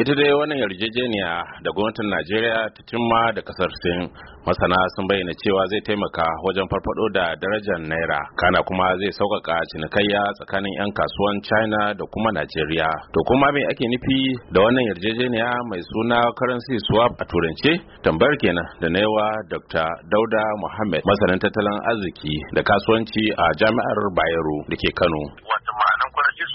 ita dai wannan yarjejeniya da gwamnatin najeriya ta cimma da kasar sin masana sun bayyana cewa zai taimaka wajen farfado da darajar naira kana kuma zai sauƙaƙa cinikayya tsakanin 'yan kasuwan china da kuma najeriya to kuma me ake nufi da wannan yarjejeniya mai suna currency swap a turance tambayar kenan da na yawa dr dauda muhammad masanin tattalin arziki da kasuwanci a jami'ar bayero da ke kano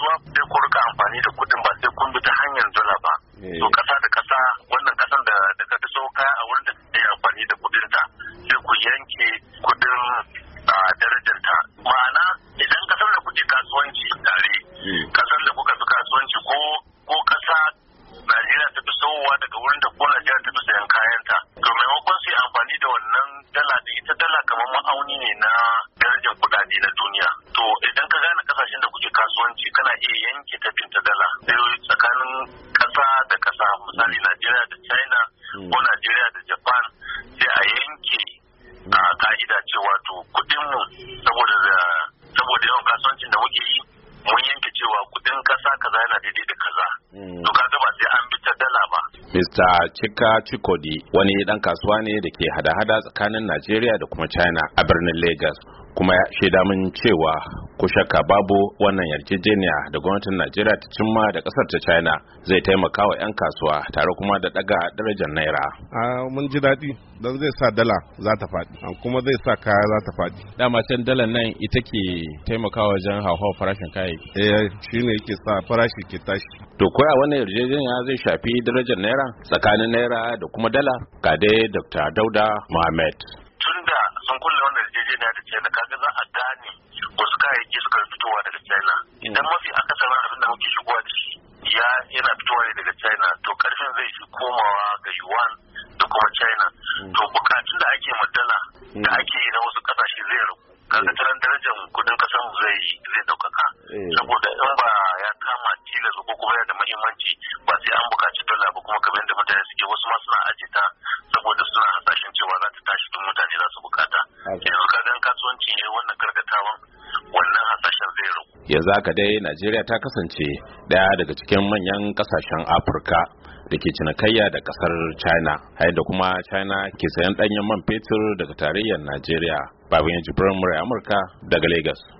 kasuwa sai ku rika amfani da kuɗin ba sai kun bi ta hanyar dala ba eh. to kasa da kasa wannan kasan da daga ta kaya a wurin da yi amfani da kudin ta sai ku yanke kuɗin darajar ta ma'ana idan kasar da kuke kasuwanci tare hmm. kasar da kuka fi kasuwanci ko ko kasa Najeriya ta fi sauwa daga wurin da ko Najeriya ta fi sayan kayanta to maimakon su yi amfani da wannan dala da ita dala kamar ma'auni ne na kasuwanci kana iya yanke tafin ta dala tsakanin kasa da ƙasa misali Najeriya da China ko hmm. Najeriya da Japan sai a yanke hmm. a ka'ida cewa to kuɗin saboda yawan kasuwancin da muke yi mun yanke cewa kudin kasa kaza yana daidai da kaza hmm. to kaga ba sai an bi ta dala ba Mista Chika Chikodi wani ɗan kasuwa ne da ke hada-hada tsakanin Najeriya da kuma China a birnin Lagos kuma ya shaida mun cewa ku shakka babu wannan yarjejeniya da gwamnatin najeriya ta cimma da kasar ta china zai taimaka wa 'yan kasuwa tare kuma da daga darajar naira mun ji daɗi don zai sa dala za ta faɗi kuma zai sa kaya za ta faɗi dama can dala nan ita ke taimaka wajen hauhawar farashin kayayyaki eh shine yake sa farashi ke tashi to ko a wannan yarjejeniya zai shafi darajar naira tsakanin naira da kuma dala ga dai dr dauda mohammed sun kulle wannan na da china kaga za a gane wasu kayayyaki suka fitowa daga china idan mafi akasarin abin da muke shigowa da shi ya yana fitowa ne daga china to karfin zai fi komawa ga yuan da kuma china mm. to bukatun da ake madala mm. da ake yi na wasu kasashe zai ragu kaga mm. taron darajar kudin kasan zai zai daukaka saboda in ba ya kama tilas ko kuma yana da muhimmanci ba sai an bukaci dala ba kuma kamar yadda mutane suke wasu ma suna ajiye saboda suna hasashen cewa za yanzu haka dai najeriya ta kasance daya daga cikin manyan kasashen afirka da ke cinikayya da kasar china hayan da kuma china ke sayan danyen man fetur daga tarayyar najeriya babin jibrin murai amurka daga lagos